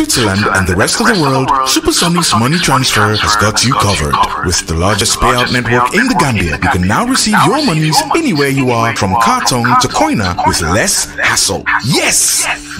Switzerland, and the rest of the world, Supersonic's money transfer has got you covered. With the largest payout network in the Gambia, you can now receive your monies anywhere you are, from Kartong to Koina, with less hassle. Yes!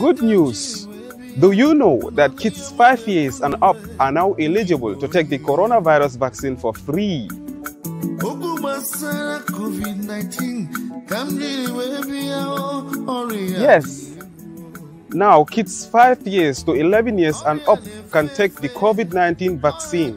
Good news! Do you know that kids 5 years and up are now eligible to take the coronavirus vaccine for free? Yes. Now, kids 5 years to 11 years and up can take the COVID 19 vaccine.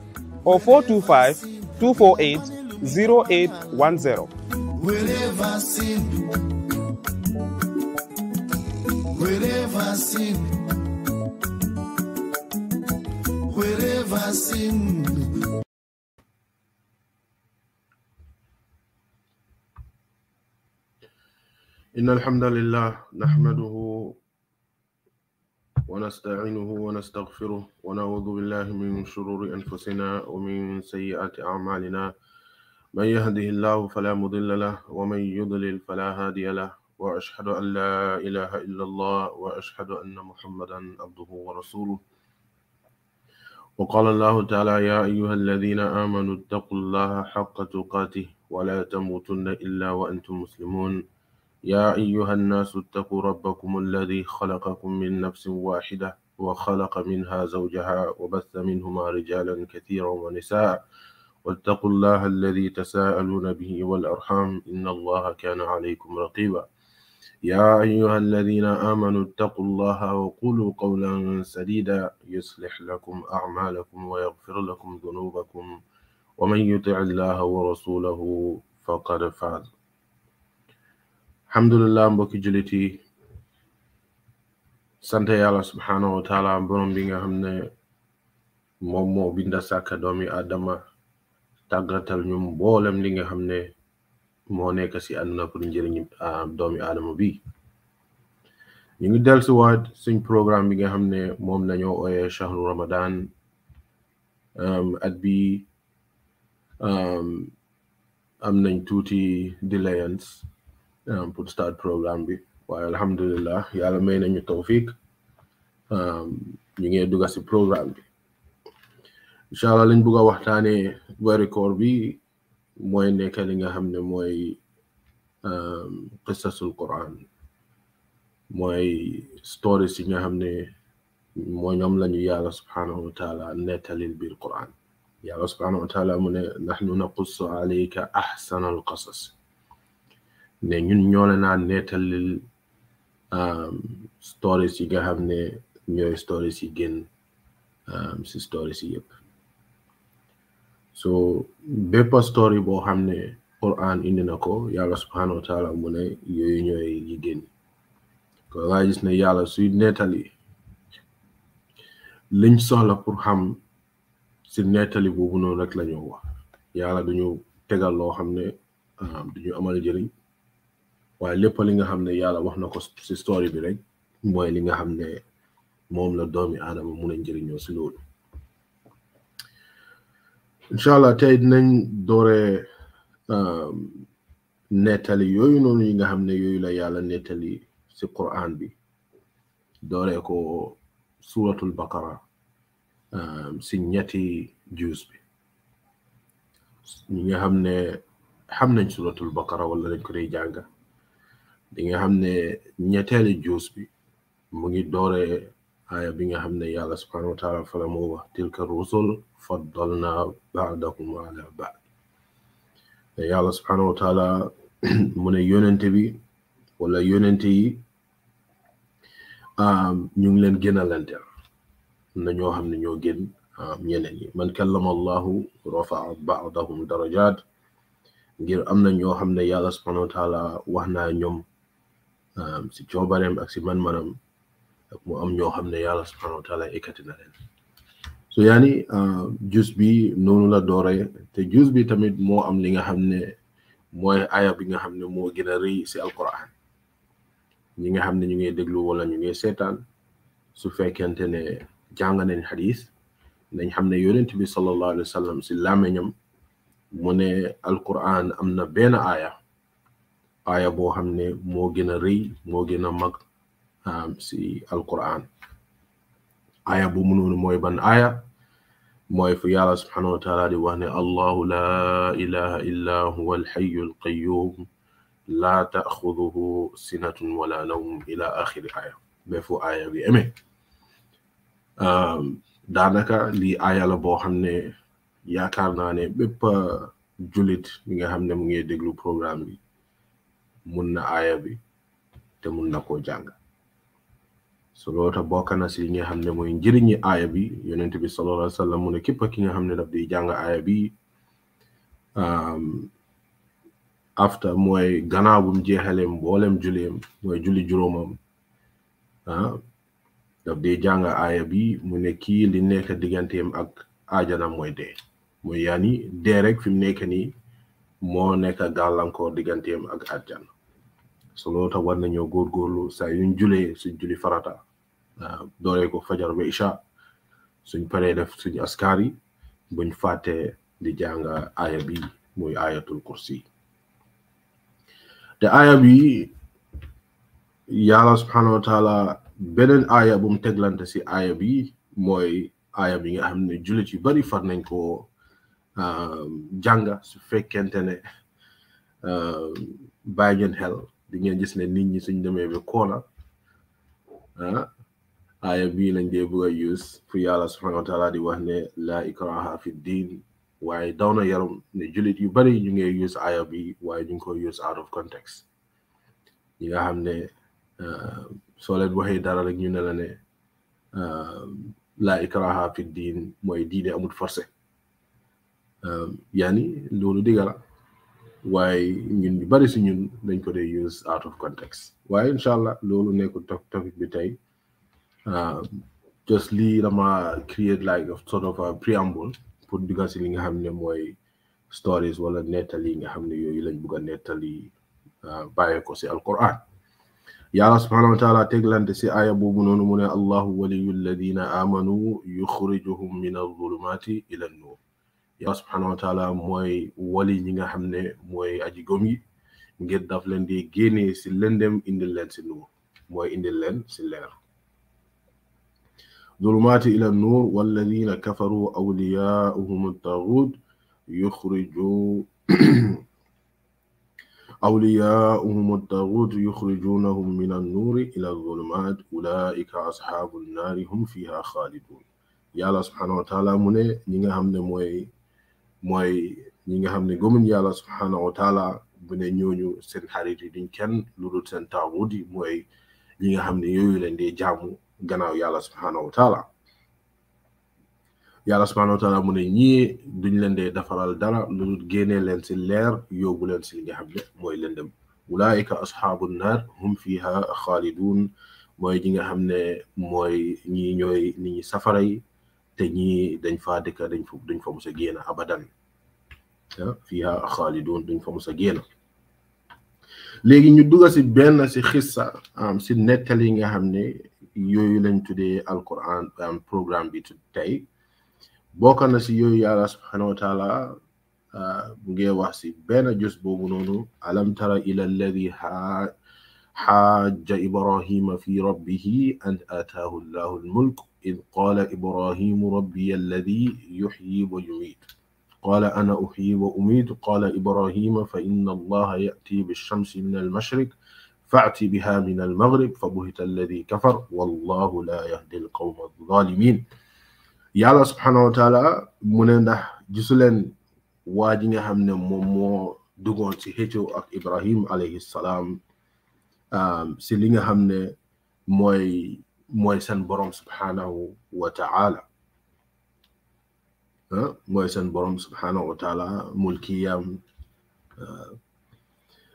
or 425 248 0810. Wherever sin, wherever sin, wherever sin. In Alhamdulillah, Nahmaduhu. ونستعينه ونستغفره ونعوذ بالله من شرور أنفسنا ومن سيئات أعمالنا من يهده الله فلا مضل له ومن يضلل فلا هادي له وأشهد أن لا إله إلا الله وأشهد أن محمدا عبده ورسوله وقال الله تعالى يا أيها الذين آمنوا اتقوا الله حق تقاته ولا تموتن إلا وأنتم مسلمون يا أيها الناس اتقوا ربكم الذي خلقكم من نفس واحدة وخلق منها زوجها وبث منهما رجالا كثيرا ونساء واتقوا الله الذي تساءلون به والأرحام إن الله كان عليكم رقيبا يا أيها الذين آمنوا اتقوا الله وقولوا قولا سديدا يصلح لكم أعمالكم ويغفر لكم ذنوبكم ومن يطع الله ورسوله فقد فاز alhamdulilah mbokki jullit yi sant yàlla subhaanahu wa taala borom bi nga xam ne moom moo binda sàkka doomi adama tàggatal ñu mboolem li nga xam ne moo nekk si àdduna pour njëriñu doomi adama bi ñu ngi del si waat suñ programme bi nga xam ne moom nañoo ooyee shahru ramadan at bi am nañ tuuti delayance Um, pour programme bi waaye alhamdulilah yàlla may nañu tawfiq um, ñu ngi dugg si programme bi incha allah lañ bugg a waxtaanee bi mooy nekk li nga xam ne mooy um, qisasul quran mooy stories yi nga xam ne mooy ñoom lañu yàlla subhanahu wa taala biir quran yàlla subhanahu wa taala mu ne nahnu naqussu alayka ne ñun ñoo la naa neetalil um, stories yi nga xam ne ñooy stories yi génn um, si stories yi yëpp so bépp story boo xam ne Quran indi na ko yàlla subhanahu wa taala mu ne yooyu ñooy yi génn ko nga gis ne yàlla suy netali lañ soxla pour xam si nettali boobu noonu rek la wax yàlla duñu tegal loo xam ne um, duñu amal jëriñ waaye lépp li nga xam ne yàlla wax na ko si story bi rek mooy li nga xam ne moom la doomi aadama mun a njëriñoo si loolu incha allah tey dinañ doore um, nettali yooyu noonu yi nga xam ne yooyu la yàlla nettali si Quran bi doore ko suratul baqara si um, ñetti juus bi ñi nga xam ne xam nañ suratul baqara wala dañ ko dee jànga di nga xam ne ñetteelu juus bi mu ngi doore aaya bi nga xam ne yàlla subhanahu wa taala fala moo wax tilka rusul faddalna baadakum ala baad te yàlla subhanahu wa taala mu ne yonente bi wala yonente yi ñu ngi leen am na ñoo xam ne ñoo gën ñeneen yi man kallama allahu rafaa baadahum darajat ngir am na ñoo xam ne yàlla subhanahu wa taala wax naa ñoom Um, si coobareem ak si man-manam ak mu am ñoo xam ne yàlla subhanahu wa taala ekkati na leen so yaani uh, jus bi noonu la doore te jus bi tamit moo am li nga xam ne mooy aya bi nga xam ne moo gën a rëy si alquran ñi nga xam ne ñu ngi déglu wala ñu ngi seetaan su fekkente ne jàng nañ xadis nañ xam ne yonent bi sallallahu alayhi wa sallam si làmmiñam mu ne alquran am na benn aya aya bo xamne mo gëna reuy mo gëna mag am ci alquran aya bu mu noonu moy ban aya moy fu yàlla subhanahu wa taala di wax ne allah la ilaha illa huwa alhayy alqayyum la ta'khudhuhu sinatun wala nawm ila akhir aya be fu aya bi um danaka li aya la bo xamne ne ne bépp julit bi nga xamne mu ngi déglu programme bi mun na aaya bi te mun na ko jàng so loolu tax bokk na si nga xam ne mooy njëriñi aaya bi yonent bi sallallahu alayhi wa sallam mu ne képp ki nga xam ne daf di jàng aaya bi um, afta mooy gannaaw bum jeexaleem mboolem juleem mooy juli juróomam ah daf di jàng aaya bi mu ne kii li nekk digganteem ak aajana mooy dee mooy yaani dee rek fi mu nekk nii moo nekk gàllankoor digganteem ak àjjana so loolu tax war nañoo góorgóorlu saa yuñ jule suñ juli farata dooree ko fajar ba isha suñ paree def suñ askar buñ fàttee di jàng aaya bi muy ayatul kursi te aaya bi yàlla subhanahu wa taala beneen aaya bu mu teglante si aaya bi mooy aaya bi nga xam ne jullit yu bari far nañ ko Ehm, jànga su fekkente ne ehm, bàyyi ngeen xel di ngeen gis ne nit ñi suñ demee ba koona ah bii lañ de bëgg a use fu yàlla subhanahu wa di wax ne laa ikraha fi diin waaye daw na yaram ne jullit yu bari ñu ngi use aaya bi waaye ñu ngi ko use out of context ñi nga xam ne ehm, soo leen waxee dara rek ñu ne la ne la ikraha fi diin mooy diine amul forcé Euh, yaani loolu dëgg waaye ñun ñu bari si ñun dañ ko dee use out of context waaye incha allah loolu nekkul topic bi tey uh, just lii dama create like a sort of a preamble pour dugga si li nga xam ne mooy stories wala nettali yi nga xam ne yooyu lañ bugg a nettali uh, bàyyee ko si alquran yàlla subhanahu wa taala teglante si aaya boobu noonu mu ne allahu waliyu alladina amanu yuxrijuhum min alzulumati ila an yàlla subhanahu wa taala mooy wali ñi nga xam ne mooy aji gom yi ngir daf leen di génnee si lëndem indil leen si nuur mooy indil leen si leer ظلمات إلى النور والذين كفروا أولياؤهم الطاغوت يخرجوا أولياؤهم الطاغوت يخرجونهم من النور إلى الظلمات أولئك أصحاب النار هم فيها خالدون يا الله سبحانه وتعالى من نيغا خامني موي mooy ñi nga xam ne gëmuñ yàlla subhanahu wa taala bu ne ñooñu seen xarit yi duñ kenn lu dul seen taaguut yi mooy ñi nga xam ne yooyu lañ dee jaamu gannaaw yàlla subhanahu wa taala yàlla subhanahu wa taala mu ne ñii duñ leen dee defaral dara lu dul génnee leen si leer yóbbu leen si nga xam ne mooy lëndëm ulaika asxaabu naar hum fiha xaalidun mooy ñi nga xam ne mooy ñi ñooy nit ñi safara yi te ñii dañ faa dëkk dañ fa dañ fa mos a génn abadan fiha xaalidoon dañ fa mos a génn léegi ñu dugga si benn si xissa am si nettali nga xam ne yooyu lañ tuddee alquran am programme bi tey bokk na si yooyu yàlla subhanahu wa taala mu ngi wax si benn jus boobu noonu alam tara ila alladi xaaja ibrahima fi rabbihi an ataahu allahu almulk إذ قال إبراهيم ربي الذي يحيي ويميت قال أنا أحيي وأميت قال إبراهيم فإن الله يأتي بالشمس من المشرق فأت بها من المغرب فبهت الذي كفر والله لا يهدي القوم الظالمين يا الله سبحانه وتعالى mu ne ndax gisuleen waa ji دقون xam أك إبراهيم عليه السلام si xëccoo ak mooy seen borom subhanahu wa ta'ala mooy seen borom subhanahu wa ta'ala mulkiyam euh,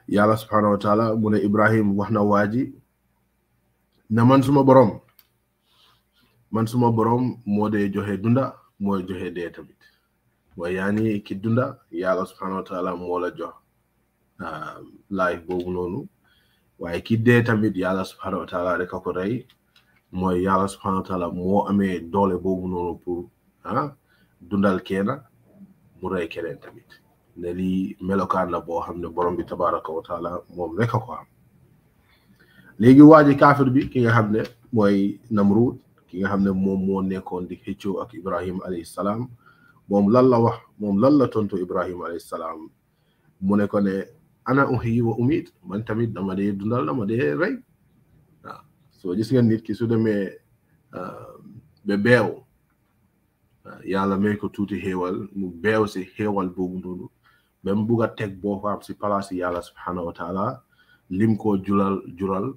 yàlla subhanahu wa ta'ala mu Ibrahim wax na waaji na man suma borom man suma borom moo dee joxe dunda mooy joxe dee tamit mooy ki dunda yàlla subhanahu wa ta'ala moo la euh, life boobu noonu waaye ki tamit yàlla subhanahu wa ta'ala rek a mooy yàlla subhanahu wa taala moo amee doole boobu noonu pour ah dundal keena mu rey keneen tamit ne lii melokaan la boo xam ne borom bi tabaraka wa taala moom rek a am léegi waaji kaafir bi ki nga xam ne mooy Namrud ki nga xam ne moom moo nekkoon di xëccoo ak Ibrahim alayhi salaam moom lan la wax moom lan la tontu Ibrahim alayhi salaam mu ne ko ne ana uhi wa umit man tamit dama dee dundal ma dee rey soo gis nga nit ki su demee ah, ba beew ah, yàlla may ko tuuti xéewal mu beew si xéewal boobu noonu même bugg a teg boppam si palaasi yàlla subhanahu wa lim ko julal jural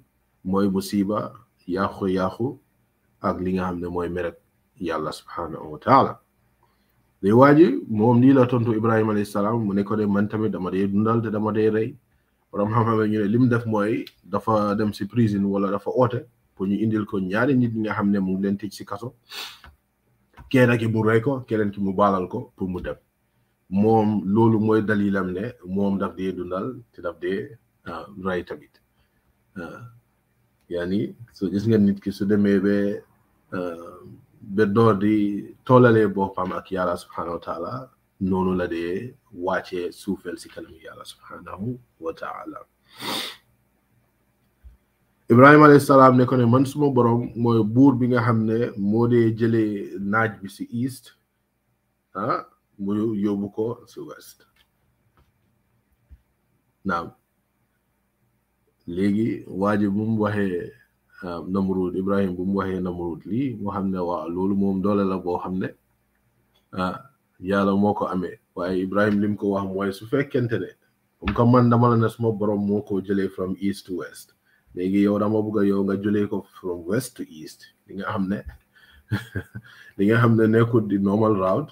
mooy musiba yàqu-yàqu ak li nga xam ne mooy meret yàlla subhanahu wa taala day waaji moom nii la tontu Ibrahima alayhi salaam mu ne ko de man tamit dama dee dundal te dama dee rey borom xam-xam ñu ne lim def mooy dafa dem ci prison wala dafa oote pour ñu indil ko ñaari nit ñi nga xam ne mu ngi leen tëj si kaso kenn ki mu rey ko keneen ki mu baalal ko pour mu dem moom loolu mooy dalilam ne moom daf dee dundal te daf dee rey tamit yaani so gis nga nit ki su demee ba ba door di toolalee boppam ak yàlla subhanahu wa taala noonu la dee wàccee suufel si kanam yàlla subhanahu wa taala ibrahima alayhi salaam ne ko man suma borom mooy buur bi nga xam ne moo dee jëlee naaj bi si east ah mu yóbbu ko si west naam léegi waaji bu mu waxee ah, namrud ibrahim bu mu waxee namrud lii moo xam ne waa loolu moom doole la boo xam ne ah yàlla moo ko amee waaye Ibrahim lim ko wax mooy su fekkente ne comme que man dama la ne suma borom moo ko jëlee from east to west léegi yow dama bëgg yow nga jëlee ko from west to east li nga xam ne li nga xam ne nekkul di normal route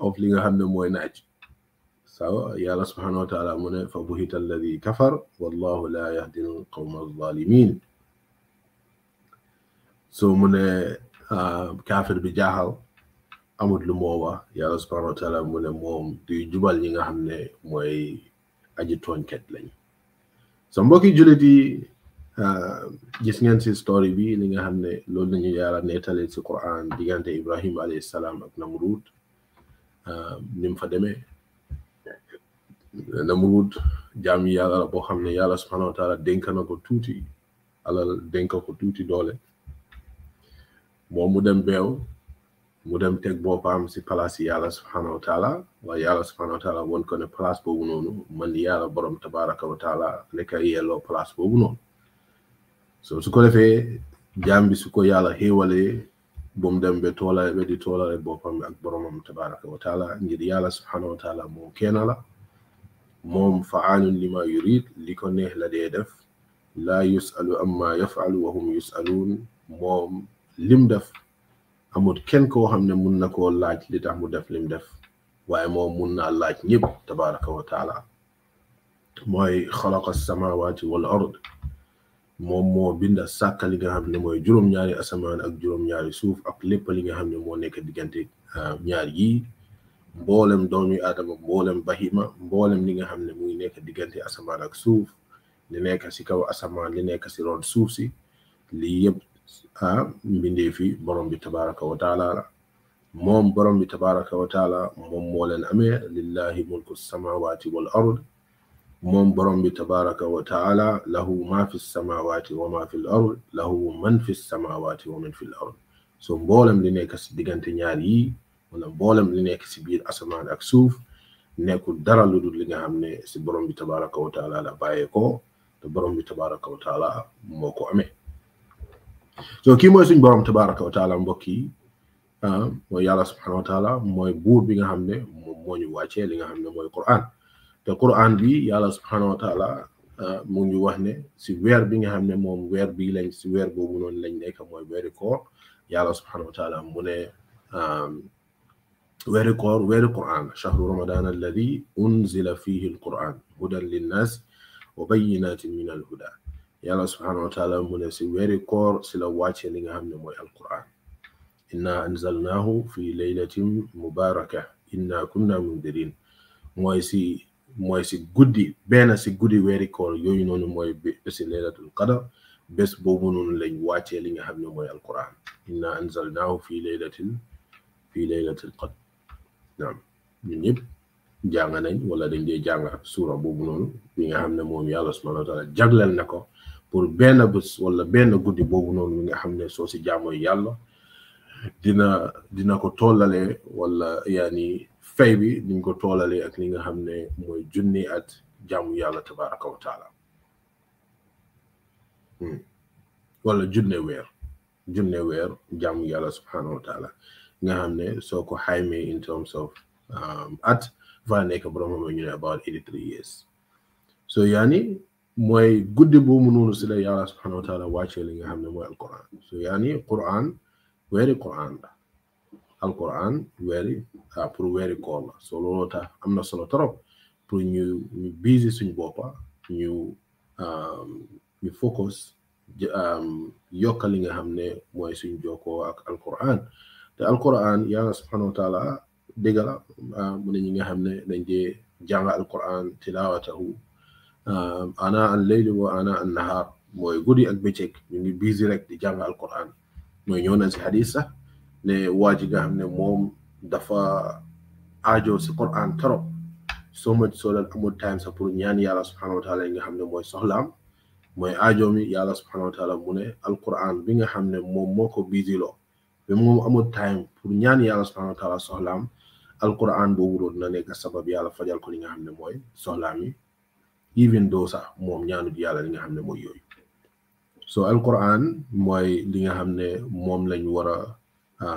of li nga xam ne mooy naaj sawa yàlla subhanahu wa taala mu ne fa buhita alladi kafar wallahu la yahdi alqawm alzalimin so mu ne kafir bi jaaxal amut lu moo wax yàlla subhanahu wa taala mu ne moom duy jubal ñi nga xam ne mooy aji tooñkat lañ sa mbokki jullit yi ah, gis ngeen si story bi li nga xam ne loolu lañu yàlla nettale si Quran diggante Ibrahim alayhi salaam ak Namrud ah, ni mu fa demee Namrud jaam yi yàlla la boo xam ne yàlla subhanahu wa taala dénk na ko tuuti alal dénk ko tuuti doole moom mu dem beew mu dem teg boppam si palaas yi yàlla subhanahu wa taala waaye yàlla subhanahu wa taala won ko ne palaas boobu noonu man yàlla borom tabaraka wa taala nekk yelloo palaas boobu noonu so su ko defee jaam bi su ko yàlla xéewalee bum dem be toolale be di toolale boppam ak boromam tabaraka wa taala ngir yàlla subhanahu wa taala moom kenn la moom faalun lima yurid li ko neex la dee def laa yusalu amma yafalu wa hum yusalun moom lim def amul kenn koo xam ne mun na koo laaj li tax mu def lim def waaye moom mun naa laaj ñëpp tabaraka wa taala mooy xalaqa samawaati wal ard moom moo binda sàkka li nga xam ne mooy juróom-ñaari asamaan ak juróom-ñaari suuf ak lépp li nga xam ne moo nekk diggante ñaar yi mboolem doomi aadama mboolem bahima mboolem li nga xam ne muy nekk diggante asamaan ak suuf li nekk si kaw asamaan li nekk si roon suuf si lii yëpp ah mbindee fi borom bi tabaraka wa taala la moom borom bi tabaraka wa taala moom moo leen amee lillahi mulku samawati wal ard moom borom bi tabaraka wa taala lahu ma fi samawati wa ma fi l ard lahu man fi samawati wa man fi l ard so mboolem li nekk si diggante ñaar yi wala mboolem li nekk si biir asamaan ak suuf nekkul dara lu dul li nga xam ne si borom bi tabaraka wa taala la bàyyee ko te borom bi tabaraka wa taala moo ko amee so ki moy suñ borom tabaaraku wa taala mbokki yi ah mooy yàlla subhanahu wa taala moy buur bi nga xamne moñu wacce li nga xamne moy quran te quran bi yàlla subhanahu wa taala mo ñu wax ne ci wer bi nga xamne mom wer bi lañ ci wer bo mu non lañ nek moy wéri ko yàlla subhanahu wa taala mu ne um wéri ko wéri quran shahru ramadan alladhi unzila fihi alquran hudan linnas wa bayyinatin min alhuda yàlla subhanahu wa taala mu ne si weeri koor si la wàcce li nga xam ne mooy alquran inna anzalnaahu fi laylatin mubaraka inna kunna mundirin mooy si mooy si guddi benn si guddi weeri koor yooyu noonu mooy bési laylatul qadar bés boobu noonu lañ wàcce li nga xam ne mooy alquran inna anzalnaahu fi laylatin fi laylatil qadar naam ñun ñëpp jàng nañ wala dañ dee jàng suura boobu noonu bi nga xam ne moom yàlla subhanahu wa taala jagleel na ko pour ben bus wala ben goudi bobu non nga xamne so ci jamo yàlla dina dina ko tolale wala yani fay bi ni ko tolale ak li nga xamne moy mooy at jaamu yàlla tabaraka wa taala wala junne wer junne wer jaamu yàlla subhanahu wa taala nga xamne soko soo in terms of at va nek borom ñu about eighty three years so yani mooy bo mu nonu ci la yàlla subhanahu wa taala wacce li nga xam moy alquran so yani quran wéri quran la alquran wéri ah pour wéri ko la so lolo ta amna solo torop pour ñu ñu busy suñu bopa ñu um, ñu focus um, yokka li nga xam moy suñu joko ak alquran te alquran yàlla subhanahu wa taala degala la ah, mu ne ñi nga xam dañ jé jang alquran tilawatahu ana an layli wa ana an nahaar mooy guddi ak bëccëg ñu ngi busy rek di jàng alquran mooy ñëw nañ si xadis sax ne waa ji nga xam ne moom dafa ajo si quran trop so much so that time sax pour ñaan yàlla subhanahu wa taala yi nga xam ne mooy soxlaam mooy aajo mi yàlla subhanahu mu ne alquran bi nga xam ne moom moo ko bisiloo bi moom amul time pour ñaan yàlla subhanahu wa taala soxlaam alquran boobu doon na nekk sabab yàlla fajal ko li nga xam ne mooy soxlaam yi even though sax moom ñaanut yàlla li nga xam ne mooy yooyu so alquran mooy li nga xam ne moom lañu war a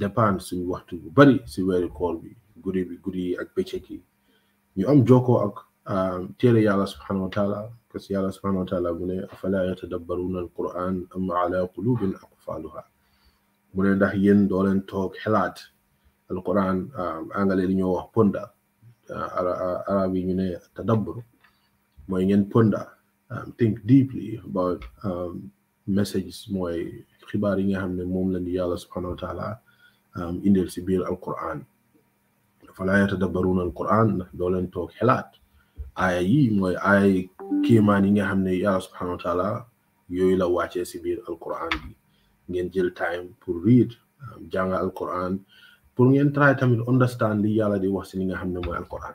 dépendre suñ waxtu bu bari si weeri koor bi guddi bi guddi ak bëccëg ñu am jokkoo ak téere yàlla subhanahu wa taala parce que yàlla subhanahu wa taala mu ne afala yatadabbaruna alquran am ala qulubin aqfaluha li ñoo wax ponda arab yi ñu ne tadabbur mooy ngeen ponder um, think deeply about um, messages mooy xibaar yi nga xam ne moom lañu yàlla subhanahu wa taala um, inder si biir alquran falaa yatadabbaruuna alquran ndax doo leen toog xelaat aaya yi mooy aaya kéemaan yi nga xam ne yàlla subhanahu wa taala yooyu la wàccee si biir alquran bi ngeen jël time pour read jànga alquran pour ngeen try tamit understand li yàlla di wax si li nga xam ne mooy alquran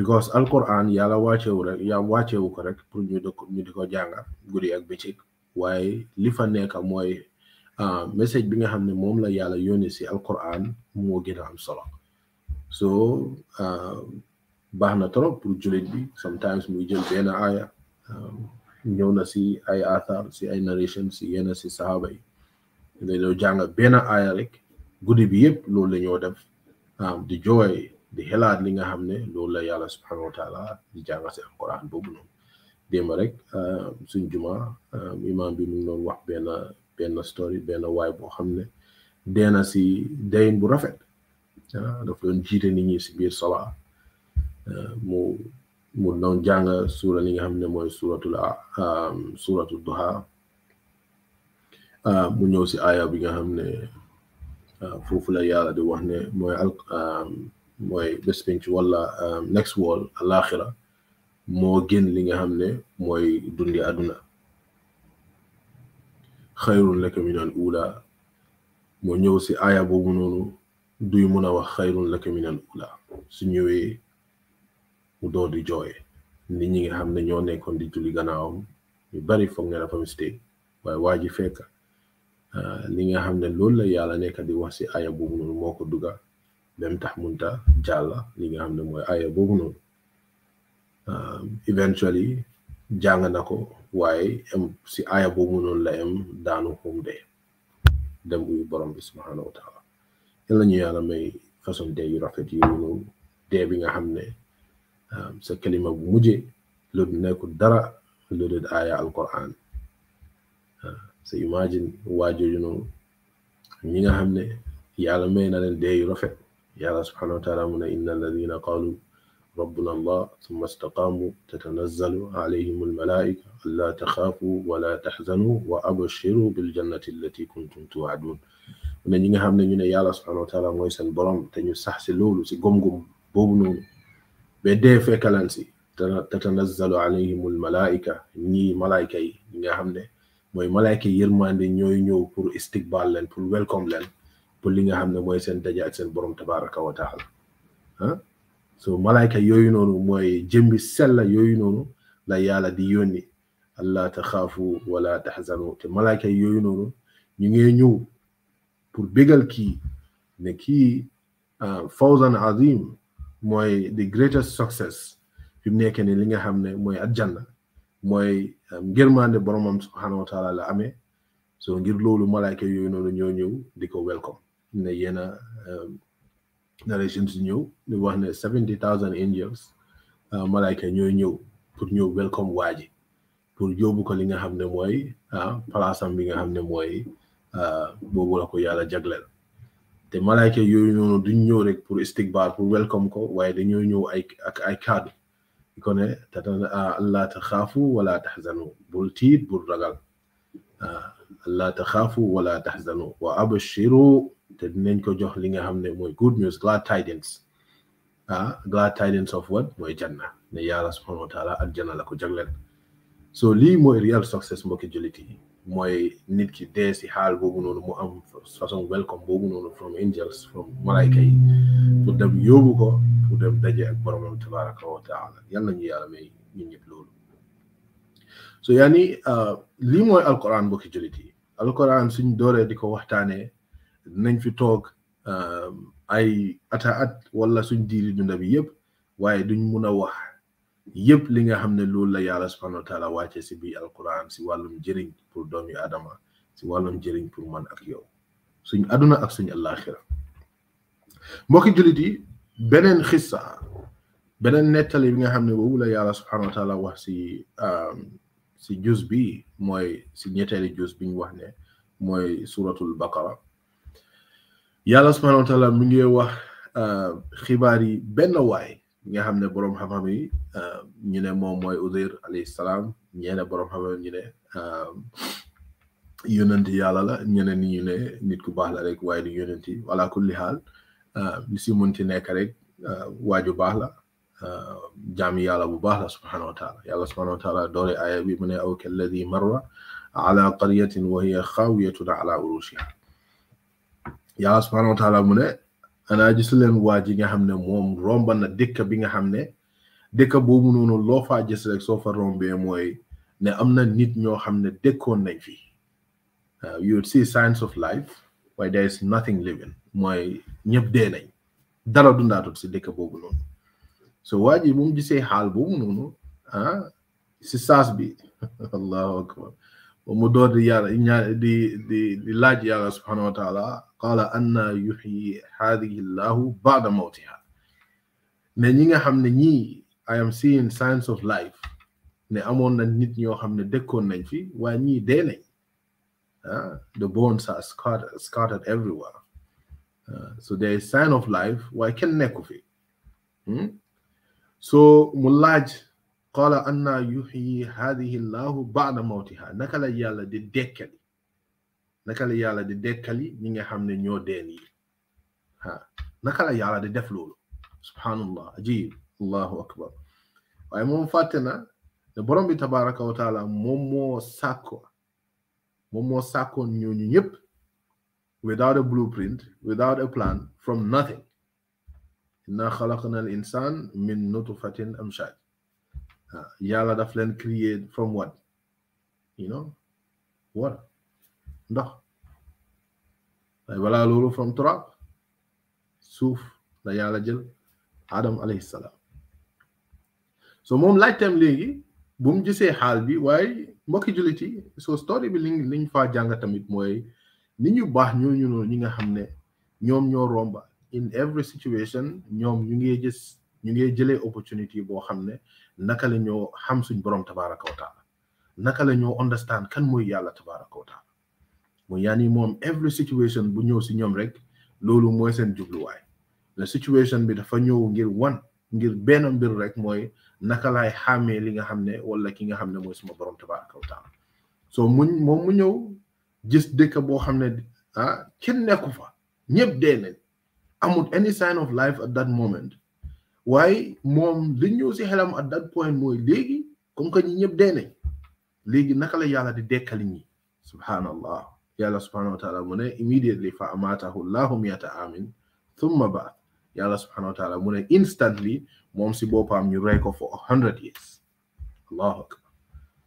because alquran yàlla wàccewu rek yaa wàccewu ko rek pour ñu di ko ñu di ko jànga guddi ak bëccëg waaye li fa nekk mooy ah, message bi nga xam ne moom la yàlla yónni si al alquran moo gën a am solo so ah, baax na trop pour jullit bi sometimes muy jël benn aaya ah, ñëw na si ay athar si ay narration si yenn si sahaba yi dañoo jàng benn aaya rek guddi bi yëpp loolu la ñoo def di jooy di xelaat li nga xam ne loolu la yàlla subhanahu wa di jàngal si alquran boobu noonu démb rek euh, suñ juma euh, imaam bi mu ngi doon wax benn benn story benn waay boo xam ne deena si dayin bu rafet ah, daf doon jiite nit ñi si biir sola euh, mu mu doon jàng suura li nga xam ne mooy suuratul suuratul duha ah, ñëw si bi nga xam ne la yàlla di wax mooy bés penc wala um, next wall alaaxira moo gën li nga xam ne mooy dundi àdduna xayrun laka minal ula moo ñëw si aaya boobu noonu duy mun a wax xayrun laka minal ula su ñëwee mu doo di jooy nit ñi nga xam ne ñoo nekkoon di julli gannaawam ñu bari foog ne dafa mistake waaye waa ji fekk uh, li nga xam ne loolu la yàlla nekk di wax si aaya boobu noonu moo ko duga dem tax munta jàlla li nga xam ne mooy aaya boobu noonu um, eventually jàng na ko waaye si aaya boobu noonu la am daanu xum de dem uyu borom bi subhanahu wa taala yal na yàlla may façon dee yu rafet yu noonu dee bi nga xam ne um, sa kalima bu mujje loolu nekkul dara loolu aaya alquran uh, sa imagine waajooju noonu ñi nga xam ne yàlla may na leen dee yu rafet يا سبحانه وتعالى من إن الذين قالوا ربنا الله ثم استقاموا تتنزل عليهم الملائكة ألا تخافوا ولا تحزنوا وأبشروا بالجنة التي كنتم توعدون mu ne ñi nga xam ne ñu ne yàlla subhanahu wa taala mooy seen borom te ñu sax si loolu si gom-gom boobu noonu ba dee fekkalan si tatanazzalu alayhim almalaika ñii malaayka yi ñi nga xam ne mooy malaayka yërmande ñooy ñëw pour istikbaal leen pour welcome leen pour li nga xam ne mooy seen ak seen borom tabaraka wa taala ah so malaika yooyu noonu mooy jëmbi sella yooyu noonu la yàlla di yónni allah taxaafu wala taxzanu te malaayka yooyu noonu ñu ngee ñëw pour bégal kii ne kii fawzan azim moy the greatest success fi mu nekk ni li nga xam ne aljanna mooy ngërmande boromam subhanahu wa taala la amee so ngir loolu malaayka yooyu noonu ñoo ñëw di welcome ne yenn euh, narrations ñëw di wax ne seventy thousand angels euh, malaayka ñooy ñëw pour ñëw welcome waa ji pour yóbbu ko li nga xam ne mooy ah, palaasam bi nga xam ne mooy euh, boobu la ko yàlla jagleel te malaayka yooyu noonu duñ ñëw rek pour istigbaar pour welcome ko waaye dañoo ñëw ay ak ay kaddu ko ne tatan ah, allah ta xaafu wala taxzanu bul tiit bul ragal ah, allah ta wala taxzanu wa abashiru te dinañ ko jox li nga xam ne mooy good news glad tidings ah glad tidings of what mooy janna ne yàlla subhanahu wa taala janna la ko jagleel so li mooy real success mbokki jullit yi nit ki dee si xaal boobu noonu mu am façon welcome boobu noonu from angels from malaayka yi pour dem yóbbu ko pour dem ak boromam tabaraka wa taala yal nañu yàlla may ñun ñëpp loolu so yaani ah, lii mooy alquran mbokki jullit yi alquran suñ dooree di ko waxtaanee nañ fi toog ay ata at wala suñ diiri dunda bi yëpp waaye duñ mun a wax yëpp li nga xam ne loolu la yàlla subhanahu wa taala wàcce si biir alquran si wàllum jëriñ pour doomi adama si wàllum jëriñ pour man ak yow suñ aduna ak suñ alaxira mbokki julit yi beneen xissa beneen nettali bi nga xam ne boobu la yàlla subhanahu wa taala wax si si jus bi mooy si ñetteeli jus biñ wax ne mooy suratul baqara yàlla subhanahu wa taala mi ngi wax euh, xibaar yi benn waay nga xam ne boroom xam-xam yi euh, ñu ne moom mooy Uzayr alayhi salaam ñeene boroom xam-xam ñu ne euh, yonent yàlla la ñeneen ñu ne nit ku baax la rek waaye du yonent yi wala kulli xaal li si nekk rek waaju baax la jaami yàlla bu baax la subhanahu wa taala yàlla subhanahu wa taala doole aaya bi mu ne aw kalladi marra ala qaryatin wa hiya xawiyatun ala yàlla subhanahu wa mu ne anaa gisu leen waa ji nga xam ne moom romba na dëkk bi nga xam ne dëkk boobu noonu loo faa gis rek soo fa rombee mooy ne am na nit ñoo xam ne dëkkoon nañ fi you would see signs of life waaye there is nothing living mooy ñëpp dee nañ dara dundaatut si dëkk boobu noonu so waa ji mu gisee xaal boobu noonu ah, si saas bi allahu akbar mu door di yàlla di di laaj yàlla subhanahu wa قال أن يحيي هذه الله بعد موتها ne ñi nga xam I am seeing signs of life ne amoon na nit ñoo xam ne dëkkoon nañ fi the bones are scattered scattered everywhere so there is sign of life waaye kenn nekku fi hmm? so mulaj قالَ أَنَّ anna هَذِهِ اللَّهُ بَعْدَ مَوْتِهَا mawtiha naka la yàlla naka la yàlla di dekkali ñi nga xam ne ñoo deen yi ha naka la yàlla di def loolu subhanallah ajib allahu akbar waaye moom fàtte na ne borom bi tabaraka wa taala moom moo sàkko moom moo sàkkoon ñu ñëpp without a blueprint without a plan from nothing inna xalaqna al insan min nutfatin amshaj yàlla daf leen créer from what you know what ndox voilà loolu from trop suuf la yàlla jël adam alayhi salaam so moom laajteem léegi bu mu xaal bi waaye mbokki jullit yi so story bi liñ liñ faa jàng tamit mooy nit ñu baax ñooñu noonu ñi nga xam ne ñoom ñoo romba in every situation ñoom ñu ngi gis ñu ngi jëlee opportunity boo xam ne naka la ñoo xam suñ borom tabaraka wa naka la ñoo understand kan mooy yàlla tabaraka wa mu nii moom every situation bu ñëw si ñoom rek loolu mooy seen jubluwaay la situation bi dafa ñëw ngir wan ngir benn mbir rek mooy naka laay xàmmee li nga xam ne wala ki nga xam ne mooy suma borom tabaraka wa taala soo muñ moom mu ñëw gis dëkk boo xam ne ah kenn nekku fa ñëpp dee nañ amut any sign waaye moom li ñëw si xelam at that point mooy léegi comme que ñi ñëpp dee nañ léegi naka la yàlla di dekkali ñi subhanallah Ya Allah subhanahu wa ta'ala immediately fa amatahu Allahu miyata amin thumma ba, Ya Allah subhanahu wa ta'ala instantly mom si bopam ñu rey ko for hundred years allahu akbar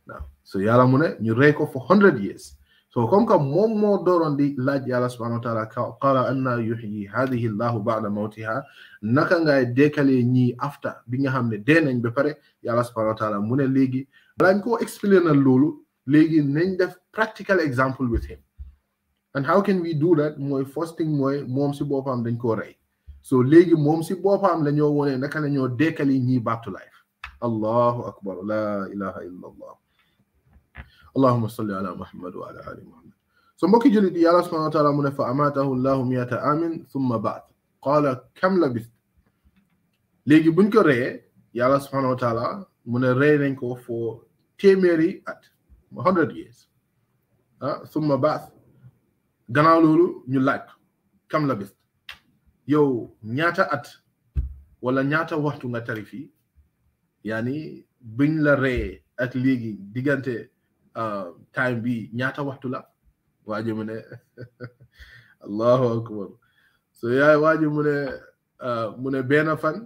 now so yàlla mu ne ñu rey ko for hundred years so comme que moom moo dooroon di laaj yàlla subhanahu wa taala qala anna yuhyi hadihi llahu bada mawtiha naka ngay dekkalee ni after bi nga xam ne nañ ba pare yàlla subhanahu wa taala mu ne léegi a koo explainal loolu léegi nañ def practical example with him and how can we do that mooy first thing mooy moom si boppam dañ koo rey so léegi moom si boppam la ñoo wone naka la ñoo dekkali ñi back to life allahu akbar la ilaha illa allah allahuma salli ala muhammad wa ala ali muhammad so mbokki julit yi yàlla subhanahu wa taala mu fa amaatahu llahu miata amin thumma baat Qala kam labith. Legi buñ ko reyee yàlla subhanahu wa taala mu ne nañ ko fo téeméeri at hundred years ah thumma baat gannaaw loolu ñu laaj kam la bis yow ñaata at wala ñaata waxtu nga tari fii yaani biñ la ree ak léegi diggante time bi ñaata waxtu la waaji mu ne allahu akbar so yaay waaji mu ne mu ne benn fan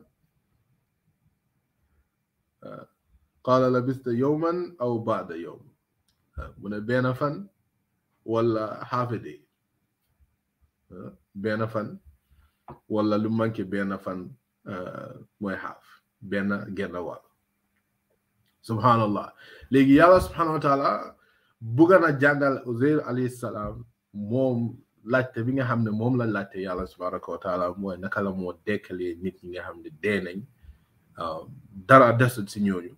قال لبست يوما او بعد يوم من بين فن ولا half benn fan wala lu manqué benn fan mooy xaaf benn genn subhanallah léegi yàlla subhanahu wa taala bugga na jàngal Uzayr alayhi salaam moom laajte bi nga xam ne moom la laajte yàlla subhanaka wa taala mooy naka la moo dekkalee nit ñi nga xam ne dee nañ dara desut si ñooñu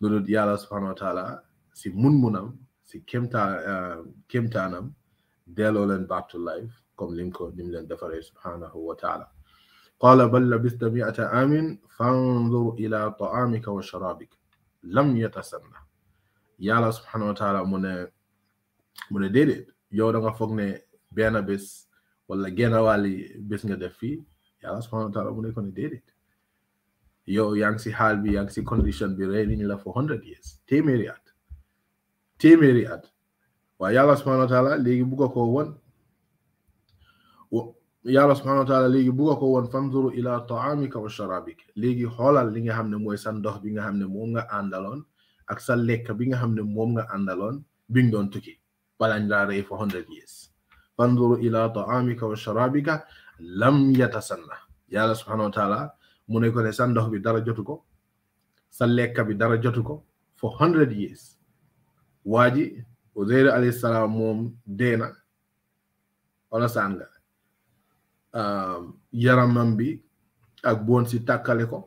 loolu yàlla subhanahu wa taala si mun munam si kémtaa kémtaanam delloo leen back to life كم لينكو نملا دفري سبحانه وتعالى قال بل لبثت مئة عام فانظر إلى طعامك وشرابك لم يتسنى يا الله سبحانه وتعالى من من ديدت يو دا فوغني بينا بس ولا جينا والي بس نغا يا الله سبحانه وتعالى من كون ديدت يو يانسي حال بي يانسي كونديشن بي رينين لا فور 100 ييرز تيميريات تيميريات ويا الله سبحانه وتعالى ليغي بوكو كو yàlla subhanahu wa taala léegi bugga ko woon fanzuru ila taamika wa sharabik léegi xoolal li nga xam ne mooy sa ndox bi nga xam ne moom nga àndaloon ak sa lekk bi nga xam ne moom nga àndaloon bi nga doon tukki balañ laa rey for hundred years fanzuru ila taamika wa sharabika lam yatasanna yàlla subhanahu wa taala mu ne ko ne sa ndox bi dara jotu ko sa lekk bi dara jotu ko for hundred years waa ji Uzeyr alayhi salaam moom dee na wala saan nga Um, yaramam bi ak bon si tàkkale ko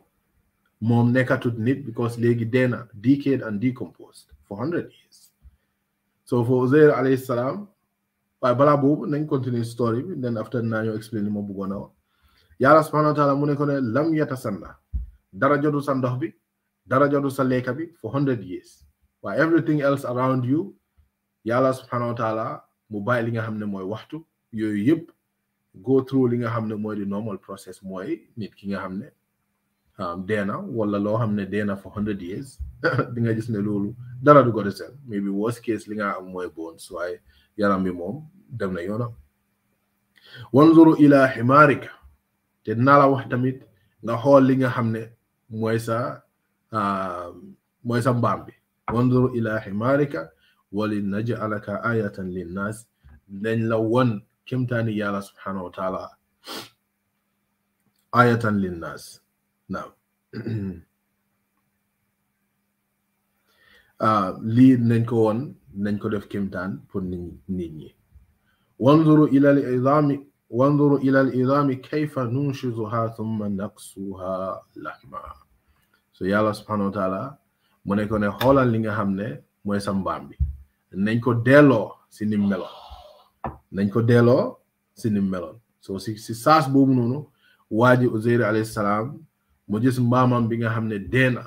moom nekkatut nit because legi dena decayed and decomposed for hundred years so for Uzair alayhi salam, by balaa then nañ continue story bi then after naa ñoo explain li ma bëggoon a wax yàlla subhanahu wa taala mu ne ko ne lam yatasanna dara jotu sa ndox bi dara jotu sa bi for hundred years waaye everything else around you yàlla subhanahu wa taala mu bàyyi li nga xam waxtu go through li nga xam ne mooy di normal process mooy nit ki nga xam ne um, deena wala loo xam ne deena for hundred years di nga gis ne loolu dara du ko desel maybe worst case li nga am mooy bones waaye yaram bi moom dem na yoonam wanzuru ila ximaarika te wax tamit nga xool li nga xam ne mooy sa um, mooy sa mbaam bi wanzuru ila ximaarika wali najalaka ayatan linnaas dañ la won كم تاني يا الله سبحانه وتعالى آية للناس نعم آه لين ننكو ون ننكو دف كم تان فن نيني وانظروا إلى الإعظام وانظروا إلى الإعظام كيف ننشزها ثم نقصها لحما so يا الله سبحانه وتعالى منكو نحولا لنها همنا مويسا مبامي ننكو ديلو سنين ملو nañ ko delloo si ni mu meloon soo si si saas boobu noonu waa ji Uzeyr salaam mu gis mbaamam bi nga xam ne dee na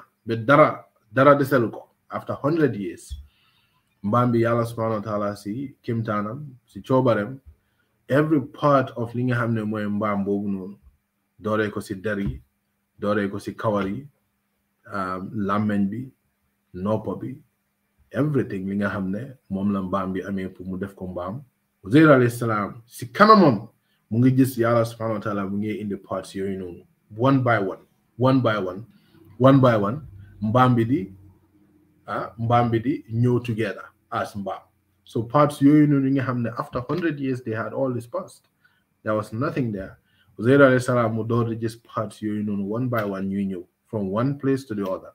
dara dara desel ko after hundred years mbaam bi yàlla subhanahu wa taala si kimtaanam si coobarem every part of li nga xam ne mooy mbaam boobu noonu dooree ko si der yi dooree ko si kawar yi um, làmmeñ bi noppa bi everything li nga xam ne moom la mbaam bi amee pour mu def ko mbaam Uzair alayhi salam si kanamam mu ngi gis yàlla subhanahu wa taala mu in the parts you know, one by one one by one one by one mbaam bi di ah mbaam di ñëw together as mbaam so parts you know, yi nga after hundred years they had all this past there was nothing there Uzair alayhi salam mu door parts yooyu know, one by one ñuy know, from one place to the other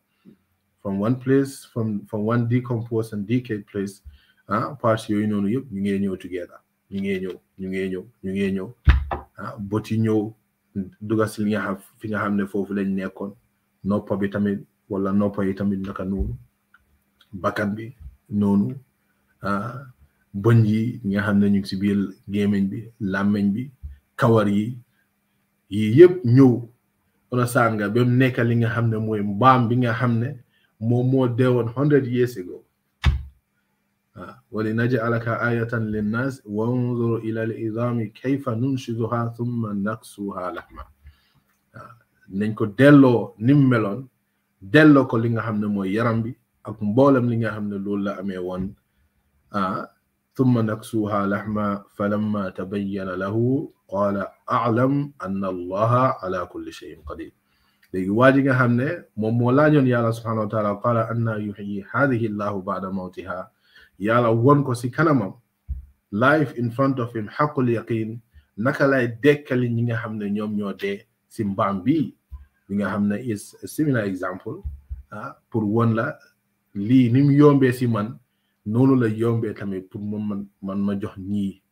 from one place from from one decomposed and decayed place ah parti yooyu noonu yëpp ñu ngee ñëw together ñu ngee ñëw ñu ngee ñëw ñu ngee ñëw ah boti ñëw duga si li nga xam fi nga xam ne foofu lañ nekkoon noppa bi tamit wala noppa yi tamit naka noonu bakkan bi noonu ah bëñ yi nga xam ne ñu si biir gémmiñ bi làmmiñ bi kawar yi yi yëpp ñëw understand nga ba mu nekk li nga xam ne mooy mbaam bi nga xam ne moom moo deewoon hundred years ago ولنجعلك آية للناس وانظر إلى العظام كيف ننشدها ثم نقصها لحما ننكو دلو نملون دلو meloon delloo ko li nga xam ne mooy yaram bi ak mboolam li ثم نقصها لحما فلما تبين له قال أعلم أن الله على كل شيء قدير لكي واجي خامني موم مو لاجون يالا سبحانه وتعالى قال أن يحيي هذه الله بعد موتها yàlla won ko si kanamam life in front of him xaqul yaqin naka lay dekkali ñi nga xam ne ñoom ñoo dee si mbaam bi bi nga xam is a similar example ah pour won la li ni mu yombee si man noonu la yombe tamit pour ma man man ma jox ñii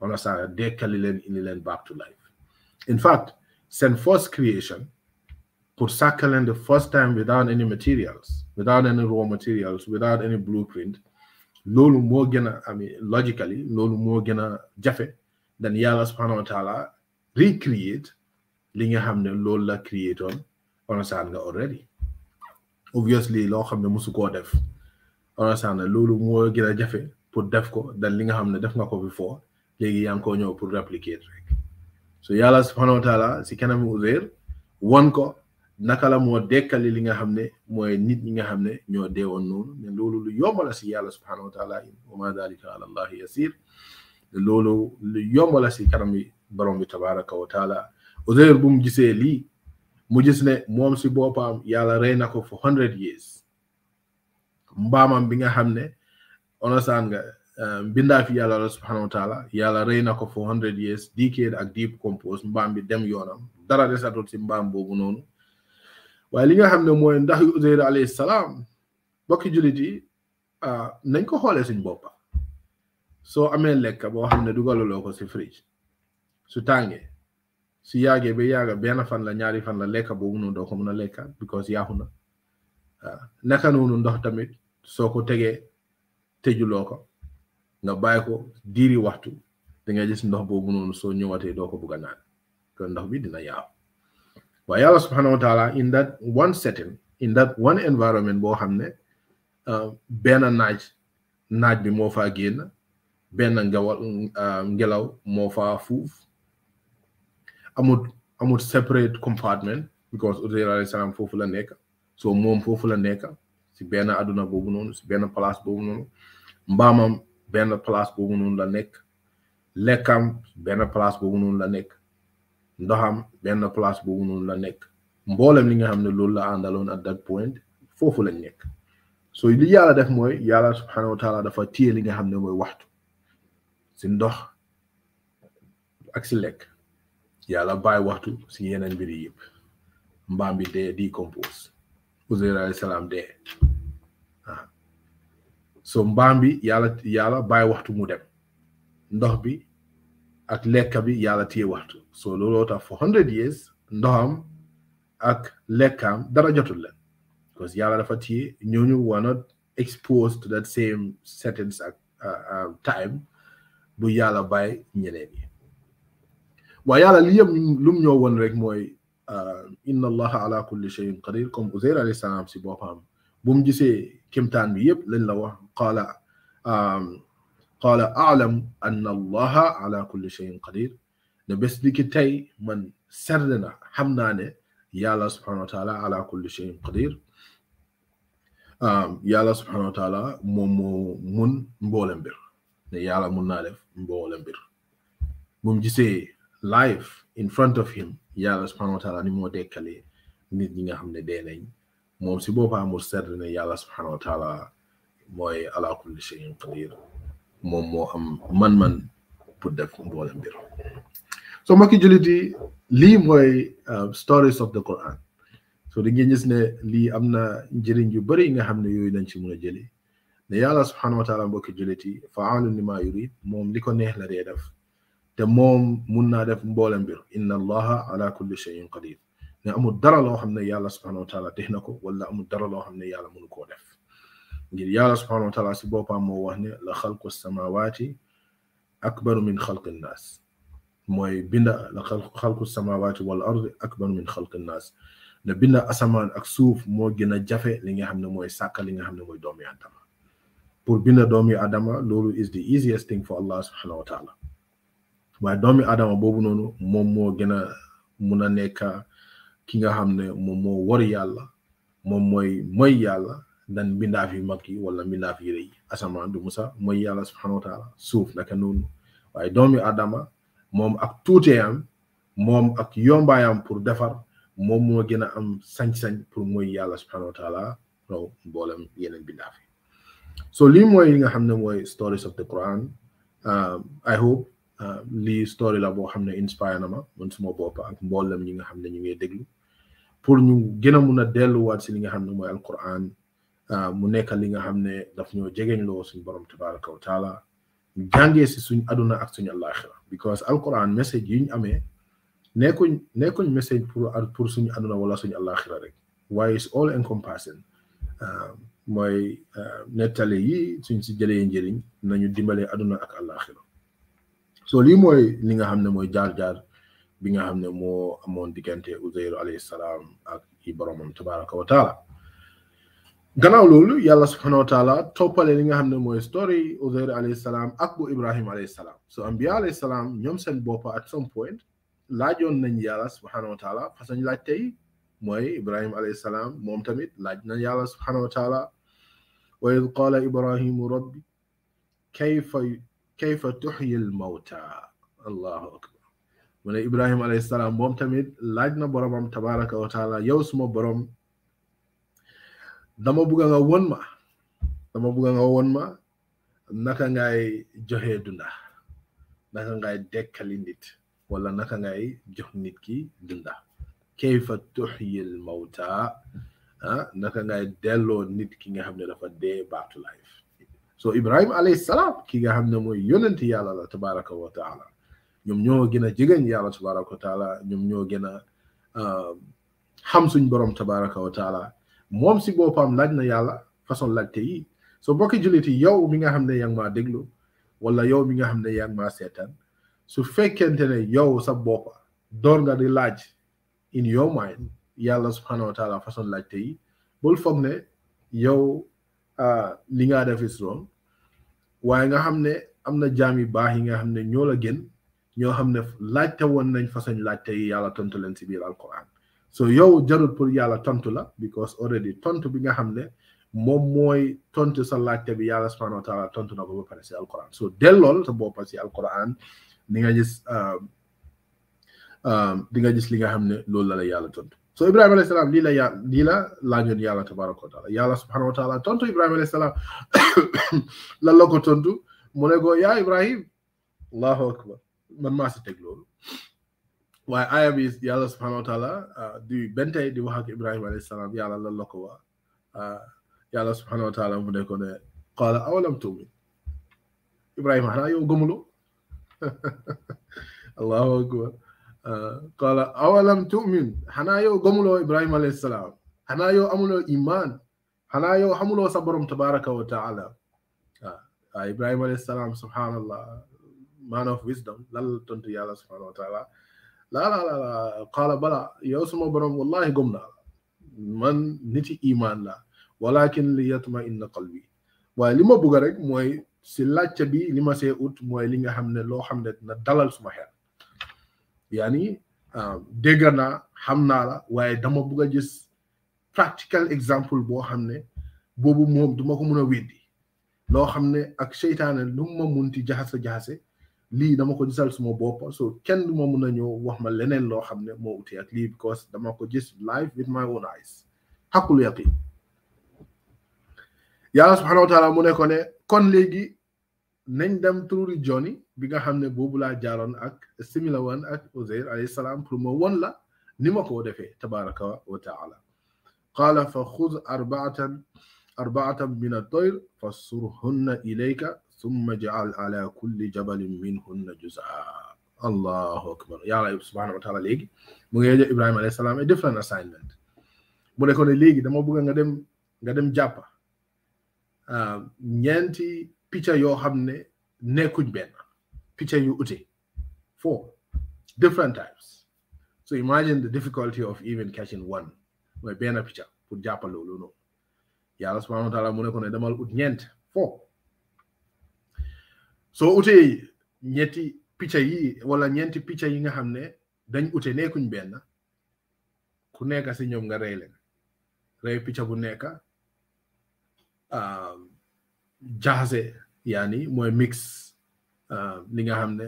wala saa dekkali leen indi leen back to life in fact seen first creation pour sakalen the first time without any materials without any raw materials without any blueprint loolu moo gën a ami logically loolu moo gën a jafe dan yàlla subhanahu wa taala recreate li nga xam ne loolu la create oon understand nga already obviously loo xam ne musu koo def understand na loolu moo gën a jafe pour def ko dan li nga xam ne def nga ko before léegi yaa ngi koo ñëw pour replicate rek so yàlla subhanahu wa taala si kanami uzeer won ko naka la moo dekkali li nga xam ne mooy nit ñi nga xam ne ñoo dewoon noonu loolu lu yomb si yàlla subhanahu wa taala in wa ma dalika ala allahi loolu lu yomb si kanam bi borom bi tabaraka wa taala Uzayr bu mu gisee lii mu gis ne moom si boppam yàlla rey na ko for hundred years mbaamam bi nga xam ne onasaan nga euh, mbindaa fi yàlla la subhanahu yàlla rey na ko for hundred years decade ak deep compose mbaam bi dem yoonam dara desatul si mbaam boobu noonu waaye li nga xam ne mooy ndax Uzeyr alayhi salaam bokki jullit yi ah, nañ ko xoolee suñ boppa soo amee lekk boo xam ne dugaluloo ko si fridge su tàngee su yàggee ba yàgga benn fan la ñaari fan la lekk boobu noonu doo ko mun a lekkaat because yaaxu na waaw ah, naka noonu ndox tamit soo ko tegee tëjuloo ko nga bàyyi ko diiri waxtu da nga ndox boobu noonu soo ñëwatee doo ko bugg naan kon ndox bi dina yaaw By Allah subhanahu wa taala in that one setting in that one environment boo xam ne uh, benn naaj naaj bi moo faa génn benn ngawal uh, ngelaw moo faa fuuf amut amut separate compartment because Uzayr alayhi salaam foofu la nekk so moom foofu la nekk si Ben aduna boobu noonu si Ben place boobu noonu mbaamam Ben place boobu noonu la nekk lekkam benn place boobu noonu la nekk ndoxam benn place boobu noonu la nekk mboolem li nga xam ne loolu la àndaloon at that point foofu lañ nekk so li yàlla def mooy yàlla subhanahu wa dafa téye li nga xam ne mooy waxtu si ndox ak si lekk yàlla bàyyi waxtu si yeneen mbiri yëpp mbaam bi dee décompose Uzayr alayhi salaam dee ah. so mbaam bi yàlla yàlla bàyyi waxtu mu dem ndox bi ak lekka bi yàlla téye waxtu so looloo tax for hundred years ndoxam ak lekkaam dara jotul leen yàlla dafa téye ñooñu were not exposed to that same sentence ak uh, um, time bu yàlla bàyyi ñeneen yi waaye yàlla li yëpp lu mu ñoo woon rek mooy uh, inna allaha ala kulli cheyin qadir comme Uzayr alayhi si boppam bu mu gisee kéemtaan bi yëpp lañ la wax qaala um, قال أعلم أن الله على كل شيء قدير نبس ديكي تاي من سرنا حمناني يا الله سبحانه وتعالى على كل شيء قدير yàlla subhanahu wa taala moom moo mun mboole mbir ne yàlla mun naa def mboole mbir moom gisee live in front of him yàlla subhanahu wa taala ni moo dekkale nit ñi nga xam ne dee nañ moom si boppam mu sedd ne yàlla subhanahu wa taala mooy ala kulli shay'in qadir moom moo am man-man pour def mboole mbir so mbokki jullit yi lii mooy stories of the Quran so di ngeen gis ne li amna na njëriñ yu bari nga xamne yoy nañ ci mëna jëlé jëli ne yàlla subhanahu wa taala mbokki jullit yi faalun lima yurid mom liko neex la day def te mom mun naa def mboole mbir inna allaha ala kulli shay'in qadir ne amu dara lo xamne ne yàlla subhanahu wa taala tehnako wala amu dara lo xamne ne yàlla mënu ko def ngir yàlla subhanahu wa taala si boppam moo wax ne la xalqu samawaati akbaru min xalqi nnaas mooy binda la xalqu samawaati wal ardi akbaru min xalqi nnaas ne binda asamaan ak suuf moo gën a jafe li nga xam ne mooy sàkka li nga xam ne mooy doomi adama pour binda doomi adama loolu is the easiest thing for allah subhanahu wa taala waaye doomi adama boobu noonu moom moo gën a mun a nekk ki nga xam ne moom moo war yàlla moom mooy mooy yàlla dan mbindaaf yu makki wala mbindaaf yi rëy asamaan du musa moy yàlla subhanahu wa taala souf naka non waaye domi adama mom ak tuuteyam mom ak yombayam pour defar mom mo gëna am sañ-sañ pour moy yàlla subhanahu wa taala raw bolam yenen mbindaaf yi so li moy li nga xamne moy stories of the Quran I hope uh, li story la bo xamne inspire na ma mon suma bop ak mboolem ñi nga xamne ne ñu ngi déglu pour ñu gëna mëna déllu waat ci li nga xamne moy mooy alquran Euh, mu nekk li nga xam ne daf ñoo jegeñ loo suñ borom tabaraka wa taala ñu si suñ aduna ak suñ àllaaxira because alquran message yi ñu amee nekkuñ nekkuñ message pour pour suñu aduna wala suñu àllaaxira rek waaye is all encompassing euh, mooy euh, nettali yi suñ si jëlee njëriñ nañu dimbale aduna ak àllaaxira so lii mooy ni nga xam ne mooy jaar-jaar bi nga xam ne moo amoon diggante Uzayr alayhi salaam ak i boromam tabaraka wa taala gannaaw loolu yàlla subhanahu wa taala toppale li nga xam ne mooy story Uzair alayhi salaam ak bu Ibrahim alayhi salaam so ambiya alayhi salaam ñoom seen bopp at some point laajoon nañ yàlla subhanahu wa taala parce que ñu laaj tey mooy Ibrahim alayhi salaam moom tamit laaj nañ yàlla subhanahu wa taala wa id qala Ibrahimu rabbi kayfa kayfa tuhyi al allahu akbar mu ne Ibrahim alayhi salaam moom tamit laaj na boromam tabaraka wa taala yow suma borom dama bëgg nga won ma dama bëgg nga won ma naka ngay joxe dunda naka ngay dekkali nit wala naka ngay jox nit ki dunda kayfa tuxyil mawta ah naka ngay delloo nit ki nga xam ne dafa dee back to life so ibrahima alayhi salaam ki nga xam ne mooy yonent yàlla la tabaraka wa taala ñoom ñoo gën a jegeñ yàlla tabaraka wa taala ñoom ñoo gën a uh, xam suñ borom tabaraka wa taala moom si boppam laaj na yàlla façon laajte yi so bokki jullit yi yow mi nga xam ne yaa ngi maa déglu wala yow mi nga xam ne yaa ngi seetaan su fekkente ne yow sa boppa door nga di laaj in your mind yàlla subhanahu wa taala façon laajte yi bul foog ne yow ah, li nga def is wrong waaye nga xam ne am na jaam yu baax yi nga xam ne ñoo la gën ñoo xam ne laaj te woon nañ façon laajte yi yàlla tontu leen si biir alquran so yow jarul pour yàlla tontu la because already tontu bi nga xam ne moom mooy tontu sa laajte bi yàlla subhanahu wa taala tontu na ko ba pare si alquran so dellool sa boppa si alquran ni nga gis um, um, di nga gis li nga xam ne la la yàlla tontu so Ibrahim alayhi Salam lii la ya lii la laajoon yàlla tabaraka wa taala yàlla subhanahu wa taala tontu Ibrahim alayhi salaam la ko tontu mu ne ko yaa ibrahim allahu akbar man maa si teg loolu waaye aaya bi yàlla subhanahu wa taala di bentey di wax ak ibrahima alayhi salaam yàlla lan la ko waa yàlla subhanahu wa taala mu ne ko ne qaala awalam tuumin ibrahima xanaa yow gëmuloo allahu akbar qaala awalam tuumin xanaa yow gëmuloo ibrahima alayhi salaam xanaa yow amuloo iman xanaa yow xamuloo sa borom tabaraka wa taala ibrahima alayhi salaam subhanallah man of wisdom lan la tontu yàlla subhanahu wa taala لا لا لا قال بلى يا مبرم والله قمنا من نتي ايمان لا ولكن ليطمئن قلبي ولما بوغرك موي سي لاتيا بي لما سي اوت موي ليغا خامن لو خامن نا دالال سما خير يعني آه، دغنا خامنا لا واي داما بوغا جيس practical example بو خامن بوبو موم دوماكو مونا ويدي لو خامن اك شيطان لوم مونتي جاهسه جاهسه li dama ko gisal suma bopp so kenn du ma mun a ñëw wax ma leneen loo xam ne moo ak lii because dama ko gis live with my own eyes xaqul yaqi yàlla subhanahu wa taala mu ne ko ne kon léegi nañ dem tururi joni bi nga xam ne boobu laa jaaroon ak simila wan ak uzair alayhi salaam pour ma won la ni ma koo defee tabaraka wa taala qala fa xuz arbaatan arbaatan min adtoyr fasurhunna ilayka summa jaal ala kulli jabalin minhunna juzaa allahu akbar yàlla subhanahu taala léegi mu ngi jox ibrahima alayhi salaam def lan assignment mu ne ko ne léegi dama bëgg nga dem nga dem jàppa ñeenti picca yoo xam ne nekkuñ benn picca yu ute four different types so imagine the difficulty of even catching one mooy benn picca pour jàppa loolu noonu yàlla subhanahu wa taala mu ne ko ne demal ut ñeent four soo utee ñetti picca yi wala ñeenti picca yi nga xam ne dañ ute nekkuñ benn ku nekk si ñoom nga rey leen rey picca bu nekk ah, jaxase yaani mooy mix ah, li nga xam ne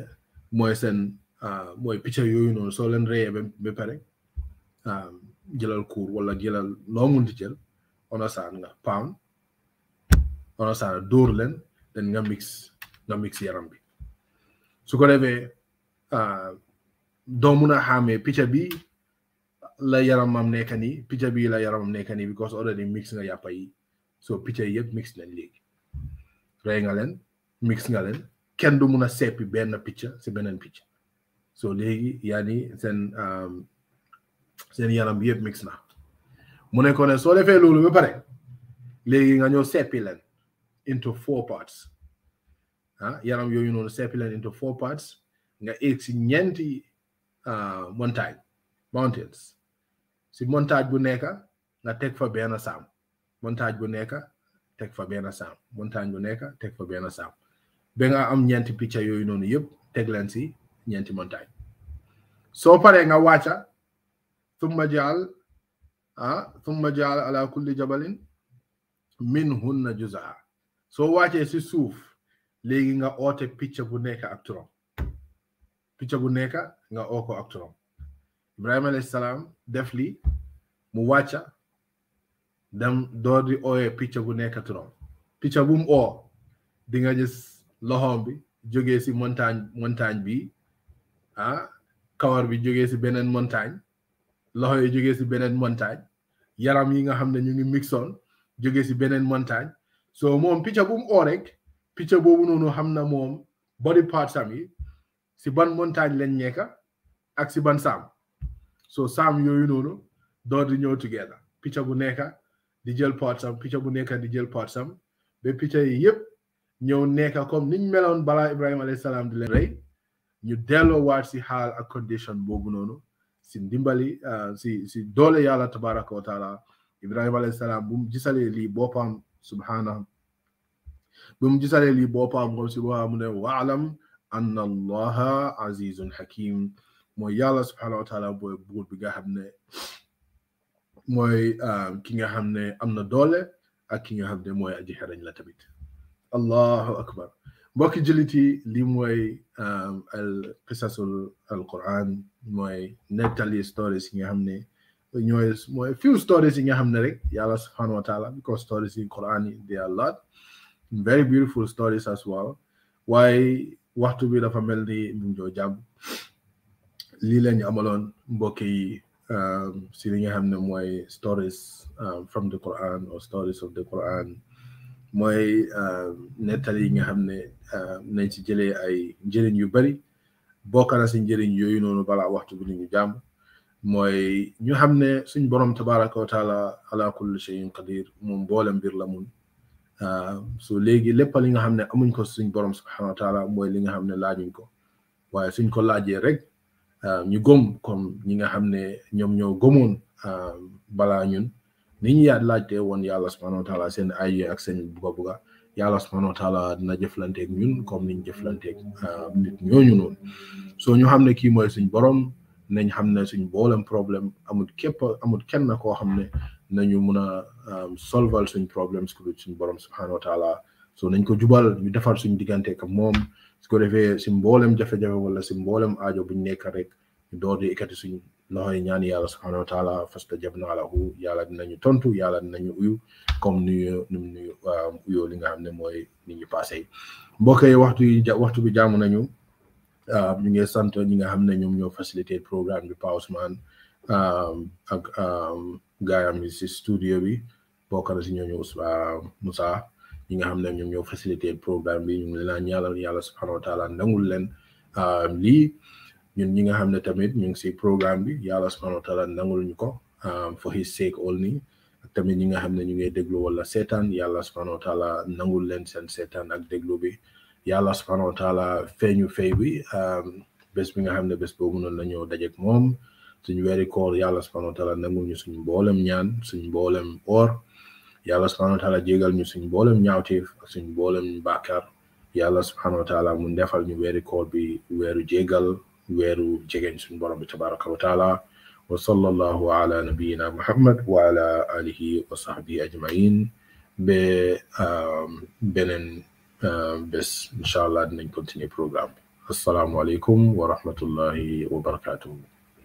mooy seen ah, mooy picca yooyu noonu soo leen reyee ba pare jëlal kuur wala jëlal loo munti jël onosaan nga pound onosaan dóor leen den nga mix nga mix yaram bi su ko defee ah, doo mun a xàmmee picca bi la yaramam nekk nii picca bi la yaramam nekk nii because already mix nga yàppa yi so picca yi yëpp mix nañ léegi rey nga leen mix nga leen kenn du mun a seppi benn picca si beneen picca so léegi yaani seen um, seen yaram bi yëpp mix na mu ne ko ne soo defee loolu ba pare léegi nga ñëw seppi leen into four parts ah yaram yooyu noonu seppi leen into four parts nga eeg si ñeenti ah, montagne mountains si montage bu nekk nga teg fa benn saam montage bu nekk teg fa benn saam montagne bu nekk teg fa benn saam ba nga am ñeenti picca yooyu noonu yëpp teg leen si ñeenti montagne soo paree nga wàcca thumma jaal ah thumma jaal ala kulli jabalin min hunna juzaa soo wàccee si suuf léegi nga oote picc bu nekk ak turam picc bu nekk nga oo ko ak turam Ibrahima alayhi salaam def li mu wàcca dem door di ooyee picc bu nekk trop picca bu mu oo di nga gis loxoom bi jógee si montagne montagne bi ah kawar bi jógee si beneen montagne loxo yi jógee si beneen montagne yaram yi nga xam ne ñu ngi mixoon jógee si beneen montagne so moom picca bu mu oo rek picture boobu noonu xam na moom body parts am yi si ban montagne lañ nekka ak si ban saam so saam yooyu noonu door di ñëw together picture bu nekka di jël parts am picture bu nekka di jël parts am ba picture yi yëpp ñëw nekka kom niñ meloon balaa Ibrahima alayhi salaam di leen rey ñu delloo waat si xaal ak condition boobu noonu si ndimbali uh, si si doole yàlla tabaraka wa taala Ibrahima alayhi salaam bu mu gisalee lii boppam subhaanahu بمجيس علي اللي بوبا أمغم سبوها من وعلم أن الله عزيز حكيم موي يالا سبحانه وتعالى بوي بقول بيغا حبنا موي كينغا حبنا أمنا دولة أكينغا حبنا موي أجي حرين لتبيت الله أكبر بوكي جلتي لي موي القصص القرآن موي نتالي ستوريس كينغا حبنا نيويس موي فيو ستوريس كينغا حبنا ريك يالا سبحانه وتعالى بيكو ستوريس القرآن دي اللات very beautiful stories as well Why, what to be the family? mu ngi joo jàmm lii la ñu amaloon mbokk yi um, stories um, from the Quran or stories of the Quran Moy um yi nga xam ne um, nañ ci jëlee ay njëriñ yu bari bokk na si njëriñ yooyu noonu balaa waxtu bi ñu jàmm mooy ñu xam ne suñ borom tabaraka wa Euh, so léegi lépp li nga xam ne amuñ ko suñ borom subhanahu wa taala mooy li nga xam ne laajuñ ko waaye suñ ko laajee rek euh, ñu gom comme ñi nga xam ne ñoom ñoo gomoon euh, balaa ñun ni ñu yaat laajte woon yàlla subhanahu wa taala seen ay ak seen buga buga yàlla subhanahu wa taala dina jëflanteeg ñun comme niñ jëflanteeg nit ñooñu noonu soo ñu xam ne kii mooy suñ borom nañ xam ne suñ boolem problème amul képp amul kenn koo xam ne nañu mun a um, solval suñ problèmes ku suñ borom subhanahu wa taala so nañ ko jubal ñu defar suñ diggante ak moom su ko defee si mboolem jafe-jafe wala si mboolem aajo buñ nekk rek ñu door di ikkati suñ loxoy ñaan yàlla subhanahu wa taala fastajabna lahu yàlla dinañu tontu yàlla dinañu uyu comme nuyu num nuyu uyoo li nga xam ne mooy nit ñu passé yi mbokk yi waxtu waxtu bi jaamu nañu um, ñu ngi sant ñi nga xam ne ñoo facilité programme bi Pa Ousmane um, gaayam yi ci studio bi bokk na ci ñooñu Moussa ñi nga xam ne ñoom ñoo faciliter programme bi ñu ngi leen ñaanal yàlla subhanahu wa taala nangul leen ah, lii ñun ñi nga xam ne tamit ñu ngi si programme bi yàlla subhanahu wa taala nangul ñu ko ah, for his sake only ak tamit ñi nga xam ne ñu ngi déglu wala seetaan yàlla subhanahu wa taala nangul leen seen seetaan ak déglu bi yàlla subhanahu wa taala feeñu fay bi ah, bés bi nga xam ne bés boobu noonu la ñoo suñu wéri koor yàlla subhanahu wa taala nangul ñu suñ mboolem ñaan suñ mboolem or yàlla subhanahu wa taala jégal ñu suñ mboolem ñaawteef ak suñ mboolem bàkkaar yàlla subhanahu wa taala mu ndefal ñu wéri koor bi wéru jégal wéru jegeñ suñ borom bi tabaraka wa taala wa sallallahu ala nabiyina muhammad wa ala alihi wa sahbihi ajmain be benen bés inshallah dinañ continuer programme bi assalamu alaykum wa rahmatullahi wa barakatuh